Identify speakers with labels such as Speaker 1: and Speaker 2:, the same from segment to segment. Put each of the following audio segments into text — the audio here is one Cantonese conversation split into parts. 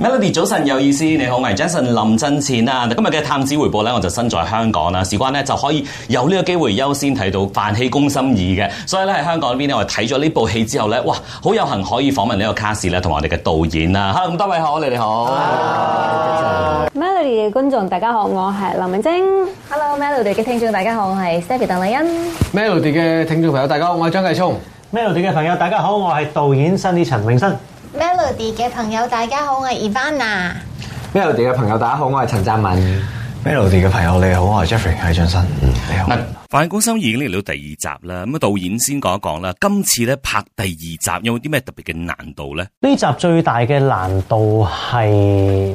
Speaker 1: Melody 早晨有意思，你好，我 Jason 林振錢啊！今日嘅探子回播咧，我就身在香港啦，事關咧就可以有呢個機會優先睇到《泛星宮心語》嘅，所以咧喺香港邊咧，我睇咗呢部戲之後咧，哇，好有幸可以訪問呢個卡 a s 咧，同埋我哋嘅導演啊！Hello，咁多位好，你哋好。Melody 嘅觀眾大家好，我係林明晶。
Speaker 2: Hello，Melody 嘅聽眾大家好，我係 Stephy 鄧麗欣。
Speaker 3: Melody 嘅聽眾朋友大家好，我係張繼聰。Melody 嘅朋友大家好，我係導演新意陳永新。
Speaker 4: Melody 嘅朋友，大家
Speaker 3: 好，我係 Evana。Melody 嘅朋友，大家好，我係陳湛文。Melody 嘅朋友，你好，我係 Jeffrey，身、嗯，你好，
Speaker 5: 我係
Speaker 1: Jeffrey，係張生。你好。《飯戲攻心》已經嚟到第二集啦，咁啊導演先講一講啦，今次咧拍第二集有冇啲咩特別嘅難度咧？
Speaker 3: 呢集最大嘅難度係。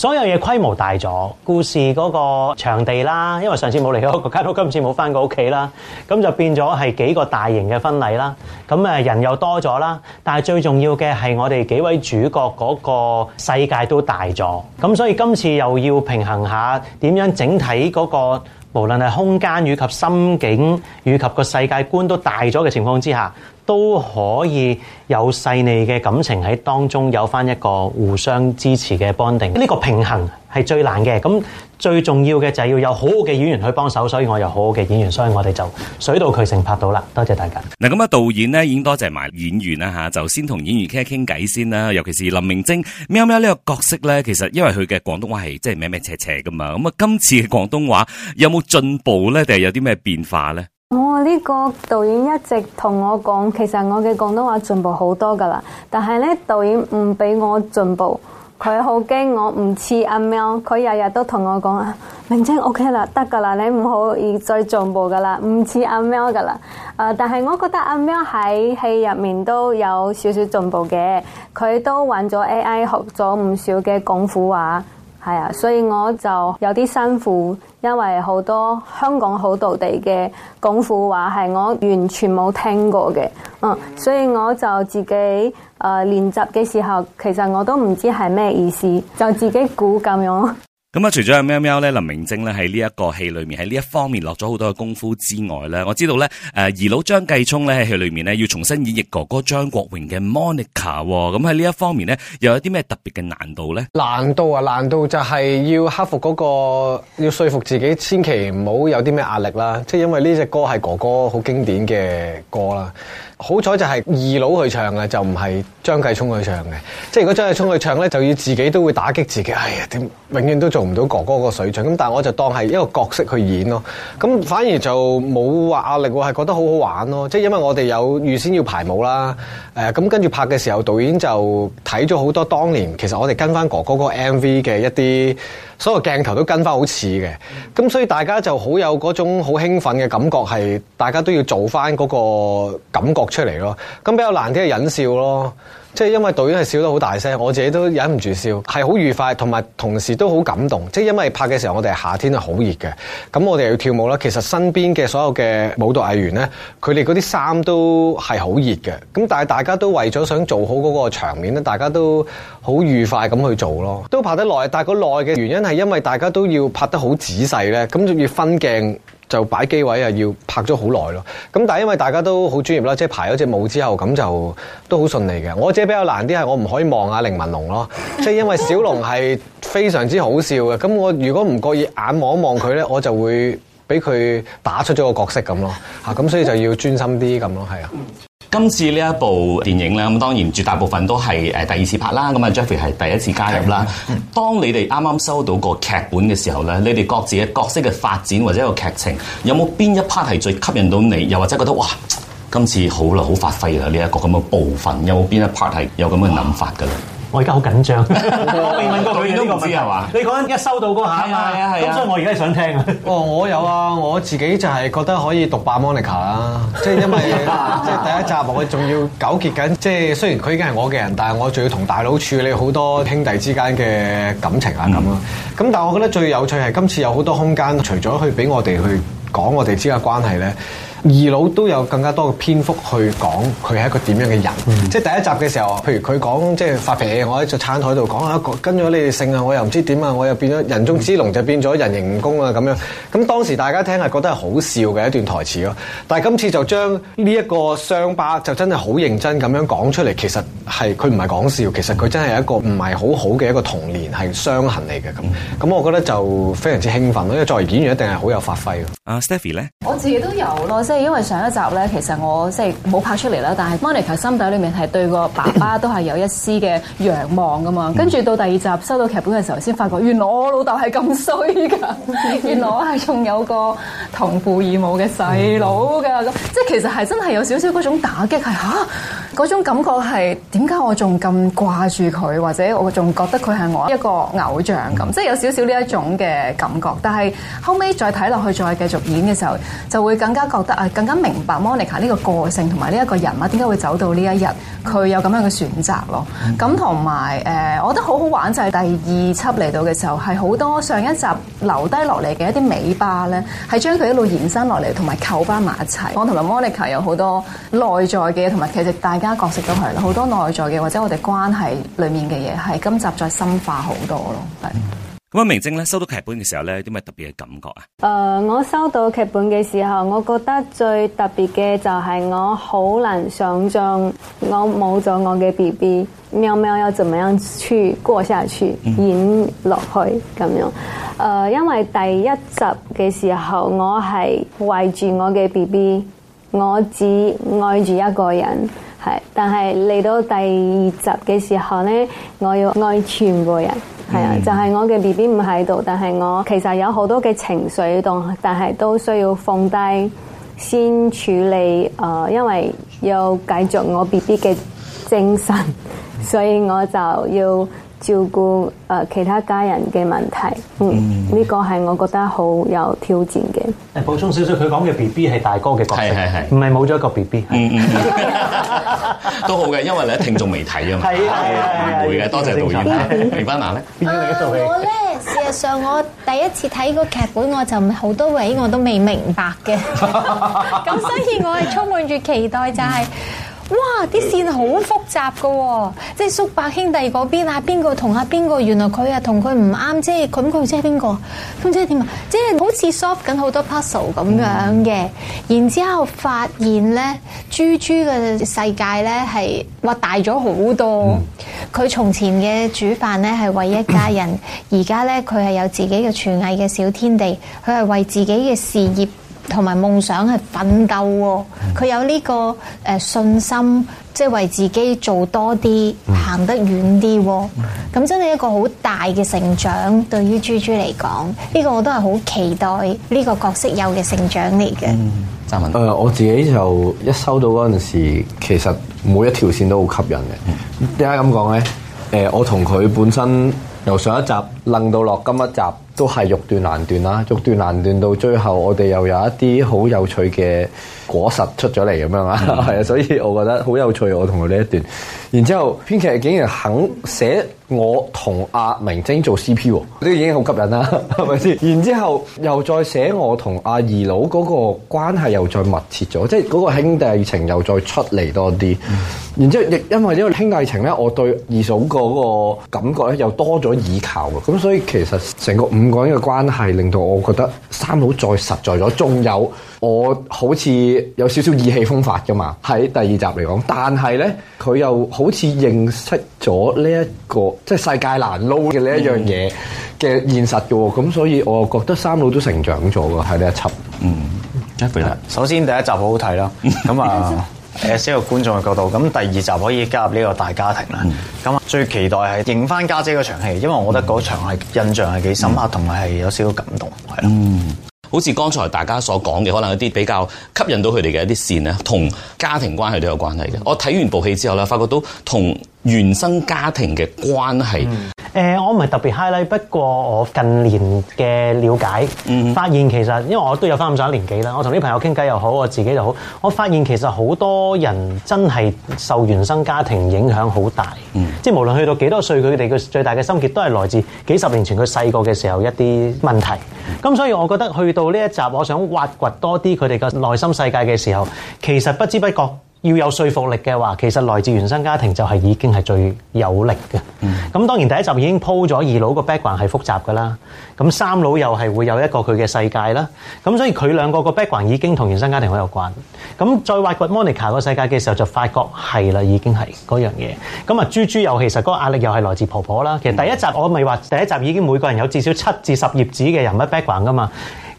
Speaker 3: 所有嘢規模大咗，故事嗰個場地啦，因為上次冇嚟過國家都，今次冇翻過屋企啦，咁就變咗係幾個大型嘅婚禮啦。咁誒人又多咗啦，但係最重要嘅係我哋幾位主角嗰個世界都大咗，咁所以今次又要平衡下點樣整體嗰個無論係空間以及心境以及個世界觀都大咗嘅情況之下。都可以有細膩嘅感情喺當中，有翻一個互相支持嘅 bonding。呢個平衡係最難嘅。咁最重要嘅就係要有好好嘅演員去幫手，所以我有好好嘅演員，所以我哋就水到渠成拍到啦。多謝大家。
Speaker 1: 嗱，咁啊，導演咧已經多謝埋演員啦吓，就先同演員傾一傾偈先啦。尤其是林明禎喵喵呢個角色咧，其實因為佢嘅廣東話係即係咩咩斜斜噶嘛。咁啊，今次嘅廣東話有冇進步咧，定係有啲咩變化咧？
Speaker 2: 我呢、哦這個導演一直同我講，其實我嘅廣東話進步好多噶啦，但係呢導演唔俾我進步，佢好驚我唔似阿喵，佢日日都同我講啊，明禎 OK 啦，得噶啦，你唔好再進步噶啦，唔似阿喵噶啦。誒、啊，但係我覺得阿喵喺戲入面都有少少進步嘅，佢都玩咗 AI，學咗唔少嘅廣府話。係啊，所以我就有啲辛苦，因為好多香港好道地嘅廣府話係我完全冇聽過嘅，嗯，所以我就自己誒，練習嘅時候，其實我都唔知係咩意思，就自己估咁樣。
Speaker 1: 咁啊，除咗阿喵喵咧，林明禎咧喺呢一個戲裏面喺呢一方面落咗好多嘅功夫之外咧，我知道咧，誒，二佬張繼聰咧喺戲裏面咧要重新演繹哥哥張國榮嘅 Monica 喎，哦，咁喺呢一方面咧又有啲咩特別嘅難度咧？
Speaker 6: 難度啊，難度就係要克服嗰、那個，要說服自己，千祈唔好有啲咩壓力啦。即係因為呢隻歌係哥哥好經典嘅歌啦。好彩就係二佬去唱嘅，就唔係張繼聰去唱嘅。即係如果張繼聰去唱咧，就要自己都會打擊自己。哎呀，點永遠都做唔到哥哥個水準。咁但係我就當係一個角色去演咯。咁反而就冇話壓力，係覺得好好玩咯。即係因為我哋有預先要排舞啦。誒、呃，咁跟住拍嘅時候，導演就睇咗好多當年其實我哋跟翻哥哥個 MV 嘅一啲所有鏡頭都跟翻好似嘅。咁所以大家就好有種好興奮嘅感覺，係大家都要做翻個感覺，出嚟咯，咁比較難啲係忍笑咯，即係因為導演係笑得好大聲，我自己都忍唔住笑，係好愉快，同埋同時都好感動。即係因為拍嘅時候我哋係夏天係好熱嘅，咁我哋要跳舞啦。其實身邊嘅所有嘅舞蹈藝員呢，佢哋嗰啲衫都係好熱嘅，咁但係大家都為咗想做好嗰個場面咧，大家都好愉快咁去做咯。都拍得耐，但係個耐嘅原因係因為大家都要拍得好仔細呢。咁仲要分鏡。就擺機位啊，要拍咗好耐咯。咁但係因為大家都好專業啦，即係排咗隻舞之後，咁就都好順利嘅。我啫比較難啲係，我唔可以望下凌文龍咯，即係因為小龍係非常之好笑嘅。咁我如果唔覺意眼望一望佢咧，我就會俾佢打出咗個角色咁咯。啊，咁所以就要專心啲咁咯，係啊。
Speaker 1: 今次呢一部電影咧，咁當然絕大部分都係誒第二次拍啦。咁啊，Jeffrey 係第一次加入啦。當你哋啱啱收到個劇本嘅時候咧，你哋各自嘅角色嘅發展或者個劇情，有冇邊一 part 係最吸引到你？又或者覺得哇，今次好啦，好發揮啦呢一個咁嘅部分。有冇邊一 part 係有咁嘅諗法嘅咧？
Speaker 3: 我而家好緊張，我未哇問過佢呢個知係嘛？啊、你嗰陣一收到嗰下啊嘛，啊，所以我而家想聽啊。哦，我
Speaker 6: 有啊，我自己就係覺得可以獨霸 Monica 啊，即係因為即係第一集我仲要糾結緊，即、就、係、是、雖然佢已經係我嘅人，但係我仲要同大佬處理好多兄弟之間嘅感情啊咁咯。咁、嗯、但係我覺得最有趣係今次有好多空間，除咗去俾我哋去講我哋之間嘅關係咧。二佬都有更加多嘅篇幅去講佢係一個點樣嘅人，嗯、即係第一集嘅時候，譬如佢講即係發脾氣，我喺個餐枱度講吓啊，跟咗你哋姓啊，我又唔知點啊，我又變咗人中之龍，就變咗人形蜈蚣啊咁樣。咁、嗯嗯、當時大家聽係覺得係好笑嘅一段台詞咯。但係今次就將呢一個傷疤就真係好認真咁樣講出嚟，其實係佢唔係講笑，其實佢真係一個唔係好好嘅一個童年係傷痕嚟嘅咁。咁、嗯嗯、我覺得就非常之興奮咯，因為作為演員一定係好有發
Speaker 1: 揮嘅。阿 Stephy 咧，我自
Speaker 7: 己都有咯。即係因為上一集咧，其實我即係冇拍出嚟啦，但係 Monica 心底裏面係對個爸爸 都係有一絲嘅仰望㗎嘛。跟住到第二集收到劇本嘅時候，先發覺原來我老豆係咁衰㗎，原來我係仲有個同父異母嘅細佬㗎。咁 即係其實係真係有少少嗰種打擊，係嚇嗰種感覺係點解我仲咁掛住佢，或者我仲覺得佢係我一個偶像咁，即係有少少呢一種嘅感覺。但係後尾再睇落去，再繼續演嘅時候，就會更加覺得。誒，更加明白 Monica 呢個個性同埋呢一個人物點解會走到呢一日，佢有咁樣嘅選擇咯。咁同埋誒，我覺得好好玩就係第二輯嚟到嘅時候，係好多上一集留低落嚟嘅一啲尾巴咧，係將佢一路延伸落嚟，同埋扣翻埋一齊。我同埋 Monica 有好多內在嘅，同埋其實大家角色都係好多內在嘅，或者我哋關係裡面嘅嘢，係今集再深
Speaker 2: 化好多咯。
Speaker 1: 咁啊！明禎咧收到劇本嘅時候咧，有啲咩特別嘅感覺啊？誒、
Speaker 2: 呃，我收到劇本嘅時候，我覺得最特別嘅就係我好難想象我冇咗我嘅 B B 喵喵要怎麼樣去過下去演落去咁樣。誒、呃，因為第一集嘅時候，我係圍住我嘅 B B，我只愛住一個人，係。但係嚟到第二集嘅時候咧，我要愛全部人。係啊，就係、是、我嘅 B B 唔喺度，但係我其實有好多嘅情緒動情緒喺度，但係都需要放低先處理。誒、呃，因為要繼續我 B B 嘅精神，所以我就要。照顧誒其他家人嘅問題，嗯，呢個係我覺得好有挑戰嘅。
Speaker 3: 誒，補充少少，佢講嘅 B B 係大哥嘅角色，係係係，唔係冇咗一個 B B，嗯嗯，
Speaker 1: 都好嘅，因為你一聽仲未睇啊嘛，係係係，唔會嘅，多謝導演。
Speaker 4: 明白喇咧，我咧，事實上我第一次睇個劇本，我就好多位我都未明白嘅，
Speaker 2: 咁
Speaker 4: 所以我係充滿住期待，就係。哇！啲線好複雜嘅，即係叔伯兄弟嗰邊啊，邊個同啊邊個？原來佢啊同佢唔啱啫。咁佢唔知係邊個？咁即係點啊？即係好似 solve 緊好多 puzzle 咁樣嘅。然之後發現咧，豬豬嘅世界咧係哇大咗好多。佢從前嘅煮飯咧係為一家人，而家咧佢係有自己嘅廚藝嘅小天地。佢係為自己嘅事業。同埋夢想係奮鬥啊，佢有呢個誒信心，即係為自己做多啲，行得遠啲啊，咁，嗯，真係一個好大嘅成長。對於豬豬嚟講，呢個我都係好期待呢個角色有嘅成長嚟嘅。嗯，
Speaker 5: 湛文，誒，呃，我自己就一收到嗰陣時，其實每一條線都好吸引嘅。點解咁講咧？誒，呃，我同佢本身由上一集。楞到落今一集都係欲斷難斷啦，欲斷難斷到最後，我哋又有一啲好有趣嘅果實出咗嚟咁樣啦。係啊、嗯， 所以我覺得好有趣。我同佢呢一段，然之後編劇竟然肯寫我同阿明禎做 CP，呢個已經好吸引啦，係咪先？然之後又再寫我同阿二佬嗰個關係又再密切咗，即係嗰個兄弟情又再出嚟多啲。嗯、然之後亦因為呢個兄弟情咧，我對二嫂嗰個感覺咧又多咗依靠咁。所以其實成個五個人嘅關係，令到我覺得三佬再實在咗，仲有我好似有少少意氣風發㗎嘛。喺第二集嚟講，但係咧佢又好似認識咗呢一個即係世界難撈嘅呢一樣嘢嘅現實嘅喎。咁、嗯、所以我覺得三佬都成長咗嘅喺呢一
Speaker 1: 集。嗯，一係
Speaker 5: 首先
Speaker 6: 第一集好好睇啦。咁 啊。誒，先個觀眾嘅
Speaker 3: 角度，咁第二集可以加入呢個大家庭啦。咁啊，最期待係迎翻家姐嗰場戲，因為
Speaker 1: 我覺得嗰場印象係幾深刻，同埋係有少少感動，係咯。嗯，好似剛才大家所講嘅，可能一啲比較吸引到佢哋嘅一啲線咧，同家庭關係都有關係嘅。我睇完部戲之後咧，發覺到。同。原生家庭嘅關係，誒，
Speaker 3: 我唔係特別 highlight，不過我近年嘅瞭解，發現其實，因為我都有翻咁上下年紀啦，我同啲朋友傾偈又好，我自己又好，我發現其實好多人真係受原生家庭影響好大，即係無論去到幾多歲，佢哋嘅最大嘅心結都係來自幾十年前佢細個嘅時候一啲問題。咁所以，我覺得去到呢一集，我想挖掘多啲佢哋嘅內心世界嘅時候，其實不知不覺。要有說服力嘅話，其實來自原生家庭就係已經係最有力嘅。咁、嗯、當然第一集已經鋪咗二佬個 background 係複雜噶啦。咁三佬又係會有一個佢嘅世界啦。咁所以佢兩個個 background 已經同原生家庭好有關。咁再挖掘 Monica 個世界嘅時候，就發覺係啦，已經係嗰樣嘢。咁啊，豬豬又其實嗰個壓力又係來自婆婆啦。其實第一集、嗯、我咪話第一集已經每個人有至少七至十頁紙嘅人物 background 噶嘛，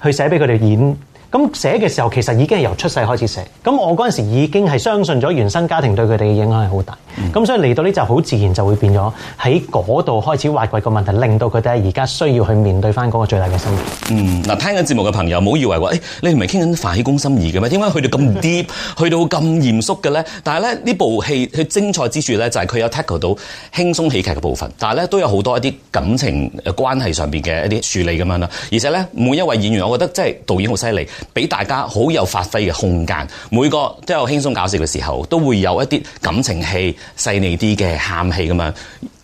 Speaker 3: 去寫俾佢哋演。咁寫嘅時候其實已經係由出世開始寫，咁我嗰陣時已經係相信咗原生家庭對佢哋嘅影響係好大。咁、嗯、所以嚟到呢就好自然就會變咗喺嗰度開始挖掘個問題，令到佢哋而家需要去面對翻嗰個最大嘅心魔。嗯，
Speaker 1: 嗱聽緊節目嘅朋友唔好以為話，誒、欸、你唔係傾緊飯戲攻心嘅咩？點解去到咁 deep， 去到咁嚴肅嘅咧？但係咧呢部戲佢精彩之處咧，就係佢有 tackle 到到輕鬆喜劇嘅部分，但係咧都有好多一啲感情誒關係上邊嘅一啲處理咁樣啦。而且咧每一位演員，我覺得即係導演好犀利，俾大家好有發揮嘅空間。每個都有輕鬆搞笑嘅時候，都會有一啲感情戲。細膩啲嘅喊戲咁樣，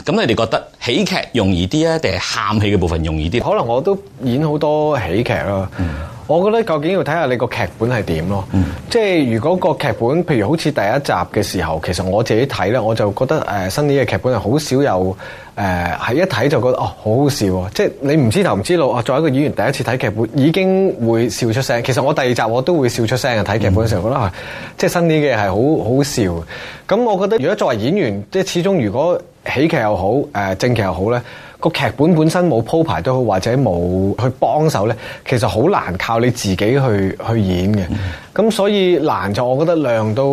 Speaker 1: 咁你哋覺得喜劇容易啲啊，定係喊戲嘅部分容易啲？可能我都演好多喜劇咯。嗯我覺
Speaker 6: 得究竟要睇下你個劇本係點咯，嗯、即係如果個劇本，譬如好似第一集嘅時候，其實我自己睇咧，我就覺得誒、呃、新啲嘅劇本係好少有誒，係、呃、一睇就覺得哦好好笑，即係你唔知頭唔知路啊！作為一個演員，第一次睇劇本已經會笑出聲。其實我第二集我都會笑出聲啊！睇劇本嘅時候，嗯、我覺得即係新啲嘅係好好笑。咁我覺得如果作為演員，即係始終如果，喜劇又好，誒、呃、正劇又好咧，個劇本本身冇鋪排都好，或者冇去幫手咧，其實好難靠你自己去去演嘅。咁、mm hmm. 所以難就我覺得量到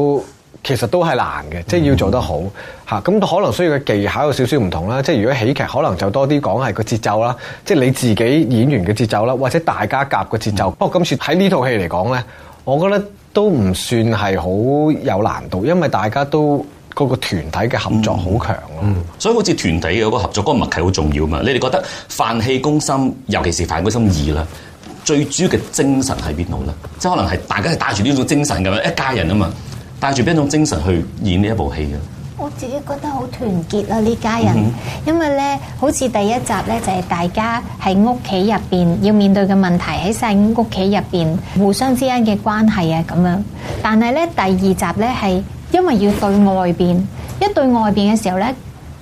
Speaker 6: 其實都係難嘅，即、就、係、是、要做得好嚇。咁、mm hmm. 嗯、可能需要嘅技巧有少少唔同啦。即係如果喜劇可能就多啲講係個節奏啦，即、就、係、是、你自己演員嘅節奏啦，或者大家夾個節奏。Mm hmm. 不過今次喺呢套戲嚟講咧，我覺得都唔算係好有難度，因為大家都。嗰個團體嘅合作好強
Speaker 1: 咯，嗯、所以好似團體嘅嗰個合作嗰個默契好重要啊嘛！你哋覺得《飯戲攻心》，尤其是《飯戲攻心二》啦，最主要嘅精神喺邊度咧？即係可能係大家係帶住呢種精神咁樣一家人啊嘛，帶住邊一種精神去演呢一部戲嘅？
Speaker 4: 我自己覺得好團結啦、啊、呢家人，因為咧好似第一集咧就係、是、大家喺屋企入邊要面對嘅問題喺細屋企入邊互相之間嘅關係啊咁樣，但係咧第二集咧係。因為要對外邊，一對外邊嘅時候咧，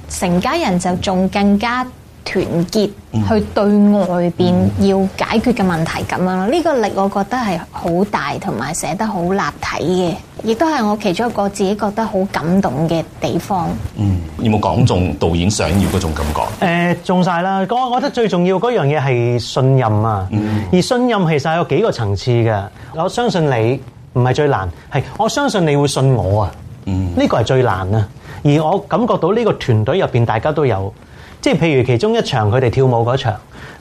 Speaker 4: 成家人就仲更加團結去對外邊要解決嘅問題咁樣咯。呢個力我覺得係好大，同埋寫得好立體嘅，亦都係我其中一個自己覺得好感動嘅地方。
Speaker 1: 嗯，有冇講中導演想要嗰種感覺？
Speaker 4: 誒，中
Speaker 3: 晒啦。我我覺得最重要嗰樣嘢係信任啊。嗯。而信任其實有幾個層次嘅，我相信你。唔係最難，係我相信你會信我啊！呢個係最難啊！而我感覺到呢個團隊入邊大家都有，即係譬如其中一場佢哋跳舞嗰場，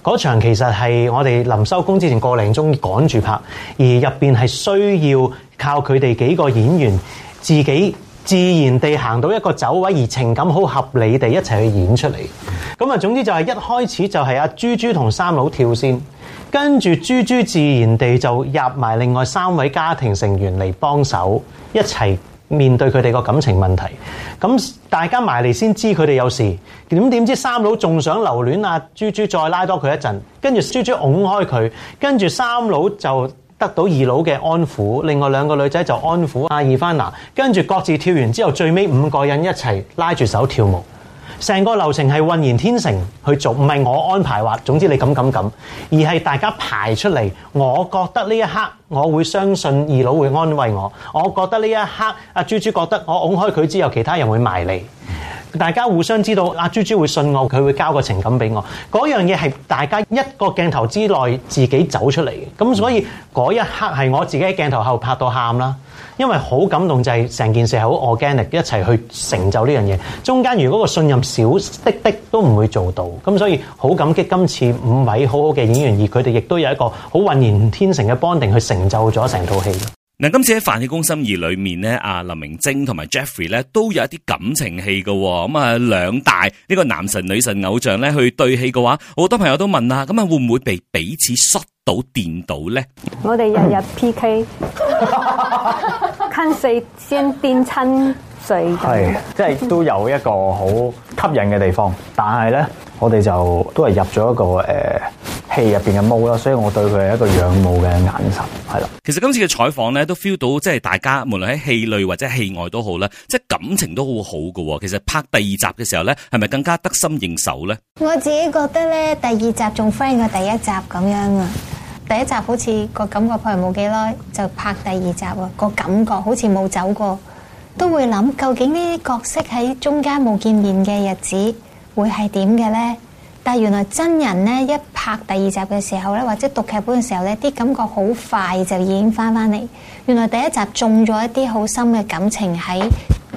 Speaker 3: 嗰場其實係我哋臨收工之前個零鐘趕住拍，而入邊係需要靠佢哋幾個演員自己自然地行到一個走位，而情感好合理地一齊去演出嚟。咁啊，總之就係一開始就係阿豬豬同三佬跳先。跟住豬豬自然地就入埋另外三位家庭成員嚟幫手，一齊面對佢哋個感情問題。咁大家埋嚟先知佢哋有事。點點知三佬仲想留戀啊？豬豬，再拉多佢一陣。跟住豬豬拱開佢，跟住三佬就得到二佬嘅安撫。另外兩個女仔就安撫阿二番娜。跟住各自跳完之後，最尾五個人一齊拉住手跳舞。成個流程係渾然天成去做，唔係我安排話。總之你咁咁咁，而係大家排出嚟。我覺得呢一刻，我會相信二老會安慰我。我覺得呢一刻，阿豬豬覺得我推開佢之後，其他人會埋嚟。大家互相知道，阿豬豬會信我，佢會交個情感俾我。嗰樣嘢係大家一個鏡頭之內自己走出嚟嘅。咁所以嗰、嗯、一刻係我自己喺鏡頭後拍到喊啦，因為好感動就係、是、成件事係好 organic 一齊去成就呢樣嘢。中間如果個信任少啲啲都唔會做到。咁所以好感激今次五位好好嘅演員，而佢哋亦都有一個好渾然天成嘅 bonding 去成就咗成套戲。
Speaker 1: 嗱，今次喺《飯戲攻心》二裏面咧，阿林明禎同埋 Jeffrey 咧都有一啲感情戲嘅。咁啊兩大呢、這個男神女神偶像咧去對戲嘅話，好多朋友都問啦，咁啊會唔會被彼此摔到電到咧？
Speaker 2: 我哋日日 PK，看誰先電親。係，
Speaker 6: 即係都有一個好吸引嘅地方，但係咧，我哋就都係入咗一個誒戲入邊嘅毛啦，所以我對佢係一個仰慕嘅眼
Speaker 4: 神，
Speaker 1: 係啦。其實今次嘅採訪咧，都 feel 到即係大家無論喺戲裏或者戲外都好啦，即係感情都好好㗎。其實拍第二集嘅時候咧，係咪更加得心應手咧？
Speaker 4: 我自己覺得咧，第二集仲 friend 過第一集咁樣啊！第一集好似、個感覺可能冇幾耐就拍第二集啊，個感覺好似冇走過。都會諗究竟呢啲角色喺中間冇見面嘅日子會係點嘅呢？但係原來真人呢，一拍第二集嘅時候呢，或者讀劇本嘅時候呢啲感覺好快就已經翻翻嚟。原來第一集中咗一啲好深嘅感情喺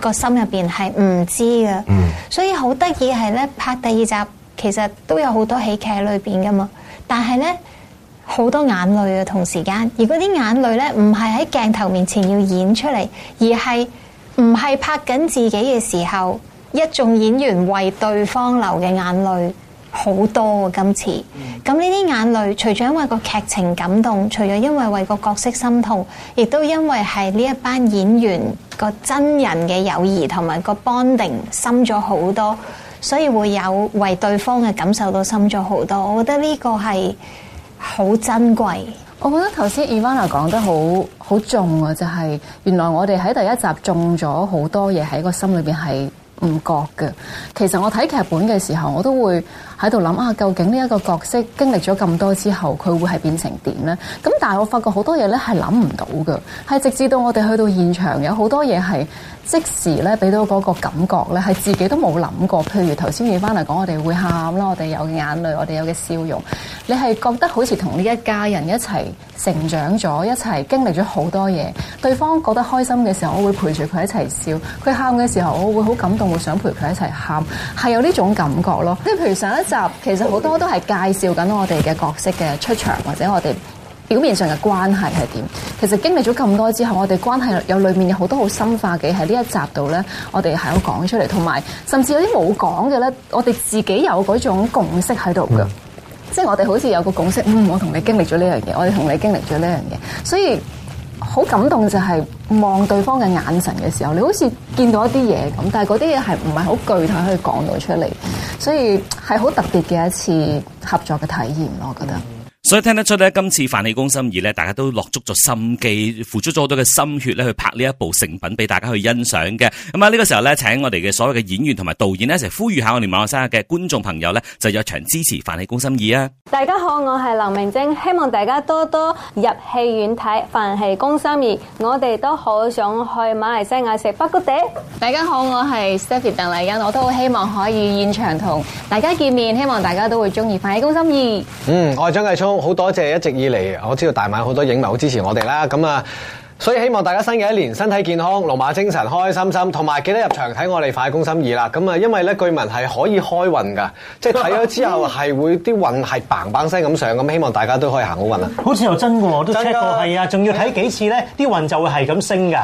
Speaker 4: 個心入邊係唔知噶，嗯、所以好得意係呢，拍第二集其實都有好多喜劇喺裏邊噶嘛。但係呢，好多眼淚嘅同時間，而嗰啲眼淚呢唔係喺鏡頭面前要演出嚟，而係。唔係拍緊自己嘅時候，一眾演員為對方流嘅眼淚好多，今次多，咁呢啲眼淚，除咗因為個劇情感動，除咗因為為個角色心痛，亦都因為係呢一班演員個真人嘅友誼同埋個 bonding 深咗好多，所以會有為對方嘅感受都深咗好多。我覺得呢個係好珍貴。我覺得頭先
Speaker 7: Ivana 講得好好重啊，就係、是、原來我哋喺第一集種咗好多嘢喺個心裏邊係唔覺嘅。其實我睇劇本嘅時候，我都會，喺度諗啊，究竟呢一個角色經歷咗咁多之後，佢會係變成點呢？咁但係我發覺好多嘢呢係諗唔到嘅，係直至到我哋去到現場，有好多嘢係即時咧俾到嗰個感覺咧，係自己都冇諗過。譬如頭先你翻嚟講，我哋會喊啦，我哋有嘅眼淚，我哋有嘅笑容，你係覺得好似同呢一家人一齊成長咗，一齊經歷咗好多嘢。對方覺得開心嘅時候，我會陪住佢一齊笑；佢喊嘅時候，我會好感動，會想陪佢一齊喊。係有呢種感覺咯。即譬如上一。其實好多都係介紹緊我哋嘅角色嘅出場或者我哋表面上嘅關係係點，其實經歷咗咁多之後，我哋關係又裏面有好多好深化嘅。喺呢一集度咧，我哋係有講出嚟，同埋甚至有啲冇講嘅咧，我哋自己有嗰種共識喺度噶，嗯、即係我哋好似有個共識，嗯，我同你經歷咗呢樣嘢，我哋同你經歷咗呢樣嘢，所以。好感動就係望對方嘅眼神嘅時候，你好似見到一啲嘢咁，但係嗰啲嘢係唔係好具體可以講到出嚟，所以係好特別嘅一次合作嘅體驗咯，我覺得。嗯
Speaker 1: 所以聽得出咧，今次《飯戲攻心2》咧，大家都落足咗心機，付出咗好多嘅心血咧，去拍呢一部成品俾大家去欣賞嘅。咁啊，呢個時候咧，請我哋嘅所有嘅演員同埋導演咧一齊呼籲下我哋馬來西亞嘅觀眾朋友咧，就有場支持《飯戲攻心2》啊！
Speaker 2: 大家好，我係林明禎，希望大家多多入戲院睇《飯戲攻心2》，我哋都好想去馬來西亞食肉骨茶。大家好，我係 Stephy 鄧麗欣，我都好希望可以現場同大家見面，希望大
Speaker 7: 家都會中意《飯戲攻心2》。嗯，
Speaker 6: 我係張繼聰。好多謝，一直以嚟我知道大馬好多影迷好支持我哋啦，咁啊，所以希望大家新嘅一年身體健康，龍馬精神，開開心心，同埋記得入場睇我哋《飯戲攻心2》啦。咁啊，因為咧，據聞係可以開運噶，即係睇咗之後係會啲 運係砰砰聲咁上，咁希望大家都可以行好運啊！好似又真
Speaker 3: 嘅，我都 check 過，係啊，仲要睇幾次咧，啲運就會係咁升噶。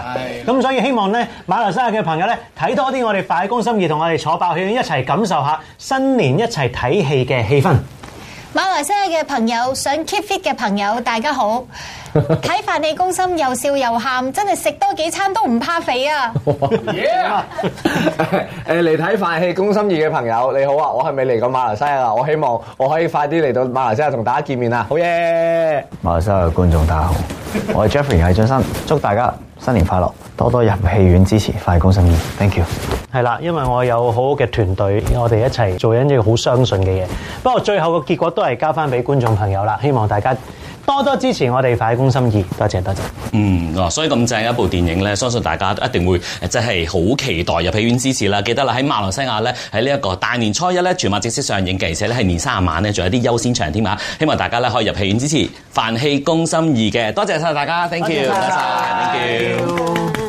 Speaker 3: 咁、啊、所以希望咧，馬來西亞嘅朋友咧，睇多啲我哋《飯戲攻心2》，同我哋坐爆圈，一齊感受下新年一齊睇戲嘅氣氛。
Speaker 4: 馬來西亞嘅朋友，想 keep fit 嘅朋友，大家好。睇《飯戲攻心》，又笑又喊，真係食多幾餐都唔怕肥啊！耶 Yeah.
Speaker 5: 呃！嚟睇《飯戲攻心二》嘅朋友，你好啊！我係未嚟過馬來西亞啦，我希望我可以快啲嚟到馬來西亞同大家見面啊！好耶！馬來西亞觀眾大家好，
Speaker 6: 我係 Jeffrey，係張生， 祝大家新年快樂，多多入戲院支持《飯戲攻心二》，Thank you。
Speaker 3: 係啦，因為我有好好嘅團隊，我哋一齊做緊一個好相信嘅嘢。不過最後嘅結果都係交翻俾觀眾朋友啦，希望大家。多多支持我哋《飯戲攻心2》，多謝多謝。
Speaker 1: 嗯，哦，所以咁正一部電影呢，相信大家一定會誒，真係好期待入戲院支持啦。記得啦，喺馬來西亞呢，喺呢一個大年初一呢，全馬正式上映嘅，而且咧係年卅晚呢，仲有啲優先場添啊！希望大家呢可以入戲院支持《飯戲攻心2》嘅，多謝晒大家，Thank you，多
Speaker 2: 謝，Thank
Speaker 1: you。